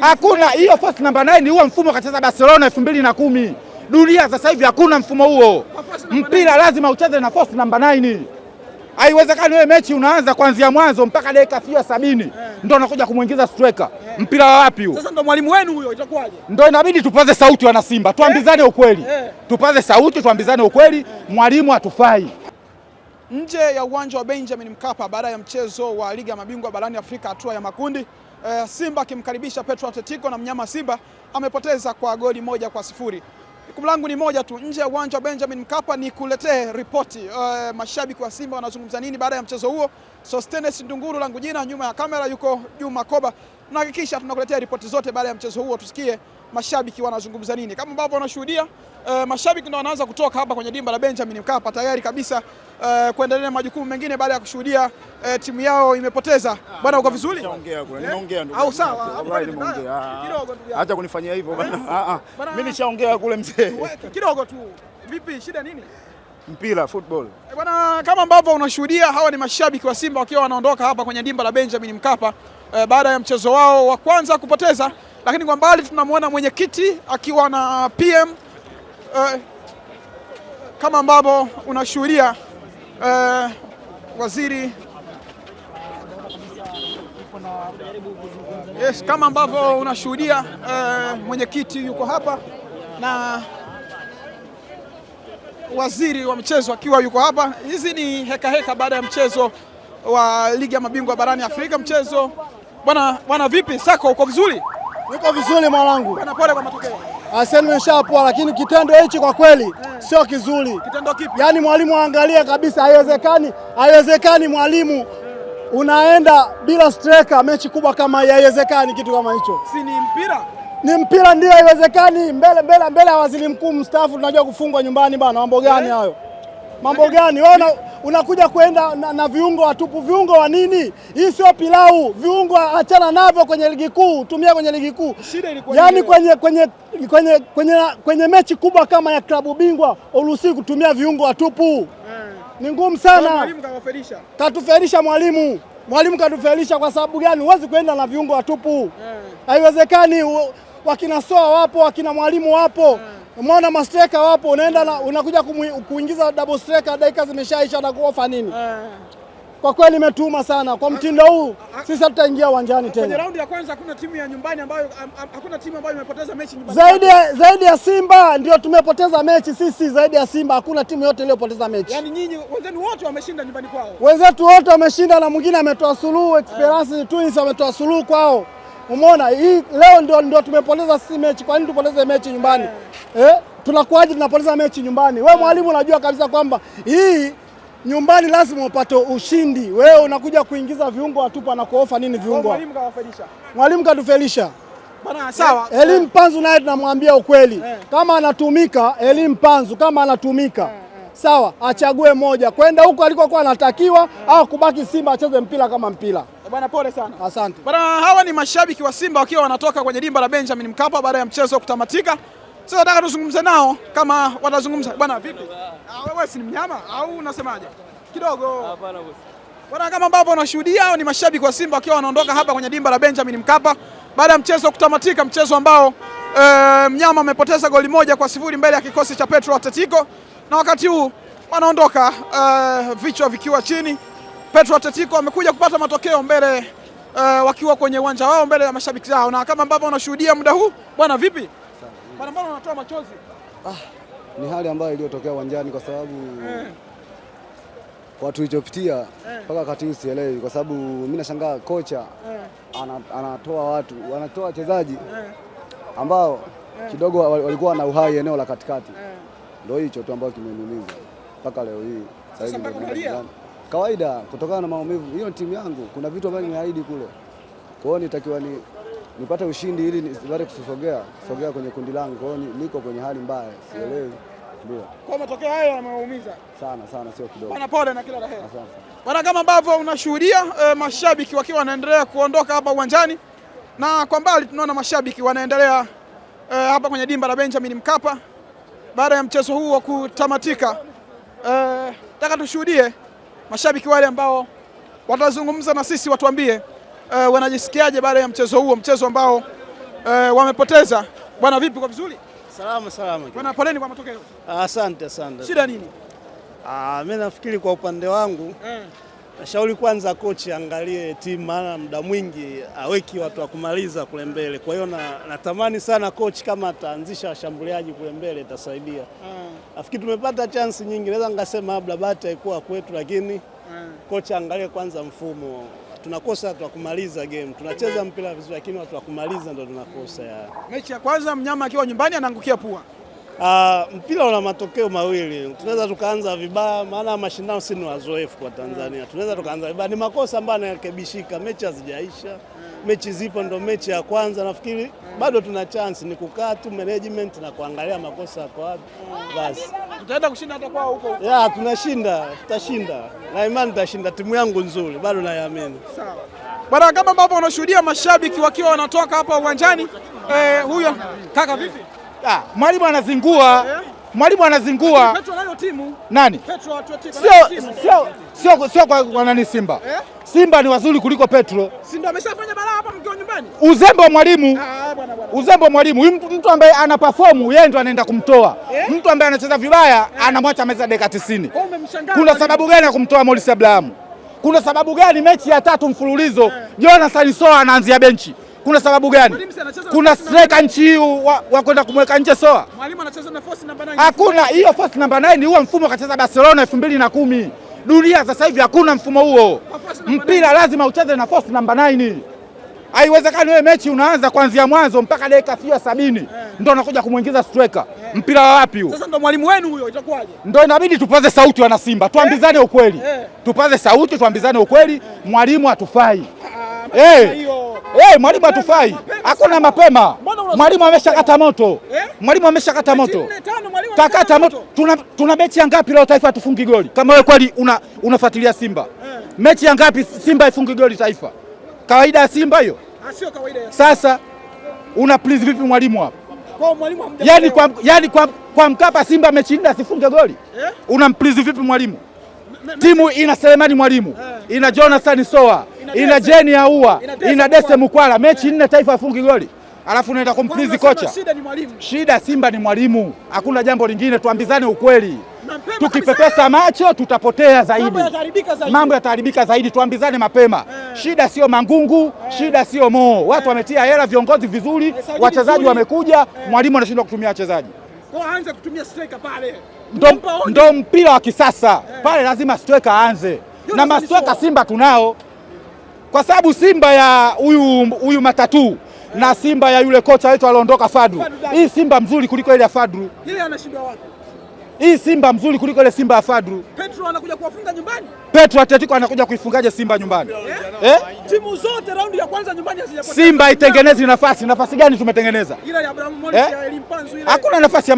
Hakuna hiyo false number 9 ni huo mfumo kacheza Barcelona elfu mbili na kumi. Dunia sasa hivi hakuna mfumo huo. Mpira lazima ucheze na false number 9. Haiwezekani wewe mechi unaanza kuanzia mwanzo mpaka dakika sio sabini yeah. Ndio unakuja kumwingiza striker yeah. Mpira wa wapi huo? Sasa ndo mwalimu wenu huyo, itakuwaje? Ndio inabidi tupaze sauti, wana Simba tuambizane eh. ukweli yeah. Tupaze sauti tuambizane ukweli yeah. Mwalimu hatufai nje ya uwanja wa Benjamin Mkapa baada ya mchezo wa Ligi ya Mabingwa barani Afrika hatua ya makundi. E, Simba akimkaribisha Petro Atletico na mnyama Simba amepoteza kwa goli moja kwa sifuri. Jukumu langu ni moja tu nje ya uwanja wa Benjamin Mkapa ni kuletee ripoti e, mashabiki wa Simba wanazungumza nini baada ya mchezo huo. Sostenes Ndunguru langu jina, nyuma ya kamera yuko Juma Koba hakikisha tunakuletea ripoti zote baada ya mchezo huo, tusikie mashabiki wanazungumza nini. Kama ambavyo wanashuhudia e, mashabiki ndio wanaanza kutoka hapa kwenye dimba la Benjamin Mkapa tayari kabisa e, kuendelea na majukumu mengine baada ya kushuhudia e, timu yao imepoteza. Bwana, uko vizuri? Au sawa? Kidogo tu. Acha kunifanyia hivyo ah, ah. bwana. Mimi nishaongea kule mzee. Kidogo tu. Vipi, shida nini? Mpira football. Bwana, kama ambavyo unashuhudia hawa ni mashabiki wa Simba wakiwa wanaondoka hapa kwenye dimba la Benjamin Mkapa e, baada ya mchezo wao wa kwanza kupoteza, lakini kwa mbali tunamwona mwenyekiti akiwa na PM e, kama ambavyo unashuhudia e, waziri Yes, kama ambavyo unashuhudia uh, mwenyekiti yuko hapa na waziri wa michezo akiwa yuko hapa. Hizi ni hekaheka baada ya mchezo wa ligi ya mabingwa barani Afrika, mchezo Bwana bwana, vipi Sako, uko vizuri? Niko vizuri mwanangu. Bwana, pole kwa matokeo. Ah, Asante, nimeshapoa lakini kitendo hichi kwa kweli hey, eh. sio kizuri. Kitendo kipi? Yaani mwalimu angalia kabisa, haiwezekani, haiwezekani mwalimu hey, unaenda bila striker mechi kubwa kama hii, haiwezekani kitu kama hicho. Si ni mpira? Ni mpira ndio, haiwezekani. Mbele mbele mbele ya waziri mkuu mstaafu, tunajua kufungwa nyumbani bana, mambo gani eh. hayo? Mambo gani? Wewe unakuja kuenda na, na viungo watupu. Viungo wa nini? Hii sio pilau. Viungo achana navyo kwenye ligi kuu, tumia kwenye ligi kuu. yani kwenye, kwenye, kwenye, kwenye, kwenye mechi kubwa kama ya klabu bingwa uruhusi kutumia viungo watupu eh. Ni ngumu sana. Katuferisha mwalimu mwalimu katuferisha. Kwa sababu gani? Huwezi kuenda na viungo watupu, eh. haiwezekani eh. Wakina soa wapo, wakina mwalimu wapo eh. Umeona mastreka wapo, unaenda na, unakuja kuingiza double striker dakika zimeshaisha na kuofa nini? Eh. Kwa kweli imetuma sana kwa mtindo huu, sisi hatutaingia uwanjani tena. Kwenye raundi ya kwanza hakuna timu ya nyumbani ambayo hakuna timu ambayo imepoteza mechi nyumbani. Zaidi zaidi ya Simba ndio tumepoteza mechi sisi, zaidi ya Simba hakuna timu yote iliyopoteza mechi. Yaani nyinyi wenzenu wote wameshinda nyumbani kwao. Wenzetu wote wameshinda na mwingine ametoa suluhu, Experience Esperance eh. Twins ametoa suluhu kwao. Umeona hii leo ndio, ndio tumepoteza sisi mechi. Kwa nini tupoteze mechi nyumbani? Yeah eh, tunakuaje? Tunapoteza mechi nyumbani. Wewe mwalimu unajua kabisa kwamba hii nyumbani lazima upate ushindi. Wewe unakuja kuingiza viungo na kuofa nini viungo? Mwalimu katufelisha bana. Sawa, eh, Elim eh. Panzu naye tunamwambia ukweli, eh. kama anatumika Elim Panzu, kama anatumika sawa, achague moja kwenda huko alikokuwa anatakiwa au kubaki Simba acheze mpira kama mpira. Bwana pole sana. Asante. Bwana hawa ni mashabiki wa Simba wakiwa wanatoka kwenye dimba la Benjamin Mkapa baada ya mchezo kutamatika. Sasa nataka tuzungumze nao kama watazungumza, bwana vipi? Ah, wewe si mnyama au unasemaje? Kidogo. Hapana boss. Bwana, kama ambavyo unashuhudia ni mashabiki wa Simba wakiwa wanaondoka hapa kwenye dimba la Benjamin Mkapa baada ya mchezo kutamatika, mchezo ambao e, mnyama amepoteza goli moja kwa sifuri mbele ya kikosi cha Petro Atletico, na wakati huu wanaondoka e, vichwa vikiwa chini. Petro Atletico amekuja kupata matokeo mbele e, wakiwa kwenye uwanja wao mbele ya mashabiki zao, na kama ambavyo unashuhudia muda huu, bwana vipi? mara mara unatoa machozi? Ah, ni hali ambayo iliyotokea uwanjani kwa sababu eh, kwa tulichopitia eh. mpaka eh, wakati huu sielewi, kwa sababu mimi nashangaa kocha eh, anatoa watu anatoa wachezaji eh, ambao eh, kidogo walikuwa na uhai eneo la katikati eh, ndio hicho tu ambacho kimeniumiza mpaka leo hii sasa kawaida, kutokana na maumivu. Hiyo timu yangu kuna vitu ambavyo nimeahidi kule, kwa hiyo nitakiwa ni nipate ushindi ili nisipate kusogea sogea kwenye kundi langu. Kwa hiyo niko kwenye hali mbaya, sielewi. Ndio. Kwa matokeo hayo yamewaumiza sana sana, sio kidogo. Bwana pole na kila la heri. Bwana, kama ambavyo unashuhudia e, mashabiki wakiwa wanaendelea kuondoka hapa uwanjani na kwa mbali tunaona mashabiki wanaendelea e, hapa kwenye dimba la Benjamin Mkapa baada ya mchezo huu wa kutamatika. Nataka eh, e, tushuhudie mashabiki wale ambao watazungumza na sisi, watuambie e, wanajisikiaje baada ya mchezo huo, mchezo ambao e, wamepoteza? Bwana vipi, kwa vizuri? Salama salama. Bwana poleni kwa matokeo. Asante asante. Shida nini? Ah, mimi nafikiri kwa upande wangu mm. Nashauri kwanza kochi angalie timu, maana muda mwingi aweki watu wa kumaliza kule mbele. Kwa hiyo natamani sana kochi kama ataanzisha washambuliaji kule mbele itasaidia. Nafikiri mm. tumepata chansi nyingi, naweza ngasema labda bahati haikuwa kwetu, lakini mm. kocha angalie kwanza mfumo tunakosa watu wa kumaliza game. Tunacheza mpira vizuri, lakini watu wa kumaliza ndo tunakosa. Ya mechi ya kwanza mnyama akiwa nyumbani anaangukia pua. Uh, mpira una matokeo mawili, tunaweza tukaanza vibaya, maana mashindano si ni wazoefu kwa Tanzania. Tunaweza tukaanza vibaya, ni makosa ambayo yanarekebishika. Mechi hazijaisha, mechi zipo, ndo mechi ya kwanza. Nafikiri bado tuna chance, ni kukaa tu management na kuangalia makosa kwa wapi basi tutaenda kushinda hata kwao huko huko. Yeah, tunashinda, tutashinda na imani tutashinda. Timu yangu nzuri, bado naiamini. Sawa bwana, kama ambavyo unashuhudia mashabiki wakiwa wanatoka hapa uwanjani. Eh, huyo kaka vipi? Ah, mwalimu anazingua yeah. Mwalimu anazingua Petro anayo timu. Nani? Petro Atletico. Sio sio sio sio kwa, kwa nani Simba. Eh? Simba ni wazuri kuliko Petro. Si ndio ameshafanya balaa hapa mkiwa nyumbani. Uzembe wa mwalimu ah. Uzembe wa mwalimu mtu ambaye ana perform yeye ndo anaenda kumtoa yeah. Mtu ambaye anacheza vibaya yeah. Anamwacha meza dakika 90. Kuna sababu gani ya kumtoa Morris Abraham? Kuna sababu gani mechi ya tatu mfululizo yeah. Jonathan Soa anaanzia benchi kuna sababu gani? Kuna striker nchi hii wa, wa kwenda kumweka nje Soa? Mwalimu anacheza na force number 9. Hakuna hiyo force namba 9, huo mfumo kacheza Barcelona 2010. Dunia sasa hivi hakuna mfumo huo. Mpira lazima ucheze na force namba 9. Haiwezekani wewe mechi unaanza kuanzia mwanzo mpaka dakika sio ya sabini yeah. Ndo unakuja kumwingiza striker yeah. Mpira wa wapi huo? Sasa ndo mwalimu wenu huyo, itakuwaje? Ndo inabidi tupaze sauti wana Simba, eh. tuambizane ukweli yeah. Tupaze sauti tuambizane ukweli yeah. Mwalimu hatufai hey. Ah, eh. Hey, eh, mwalimu hatufai, hakuna mapema. Mwalimu ameshakata moto, mwalimu ameshakata moto, Takata moto. Tuna, tuna mechi ya ngapi leo taifa atufungi goli? Kama wewe kweli unafuatilia Simba, mechi ya ngapi Simba ifungi goli taifa? kawaida ya Simba hiyo. Ah, Sasa una please vipi mwalimu hapa? Kwa mwalimu yani, kwa, yani kwa, kwa Mkapa Simba ameshinda asifunge goli yeah? Una mplizi vipi mwalimu? Timu ina Selemani mwalimu yeah. Ina Jonathan Soa ina, Jeni Aua ina Dese Mukwala mechi yeah. nne taifa afungi goli alafu unaenda kumplizi kocha. Shida, shida Simba ni mwalimu, hakuna jambo lingine, tuambizane ukweli tukipepesa macho tutapotea zaidi, mambo yataharibika zaidi. Tuambizane mapema, eh. shida sio Mangungu, eh. shida sio Moo. Watu eh. wametia hela, viongozi vizuri, wachezaji wamekuja, mwalimu anashindwa kutumia wachezaji Ndo, ndo mpira wa kisasa pale, lazima striker aanze na masweka Simba tunao kwa sababu Simba ya huyu huyu matatu na Simba ya yule kocha wetu aliondoka Fadru. Hii Simba mzuri kuliko ile ya Fadru. Ile anashindwa wapi? hii Simba mzuri kuliko ile Simba ya Fadru. Petro anakuja kuwafunga nyumbani. Petro Atletico anakuja kuifungaje Simba nyumbani? Eh? Eh? Timu zote raundi ya kwanza nyumbani hazijapata. Simba itengenezi nafasi. Nafasi gani tumetengeneza? Ile ya Abraham Moni eh? ya Elimpanzu ile. Hakuna nafasi ya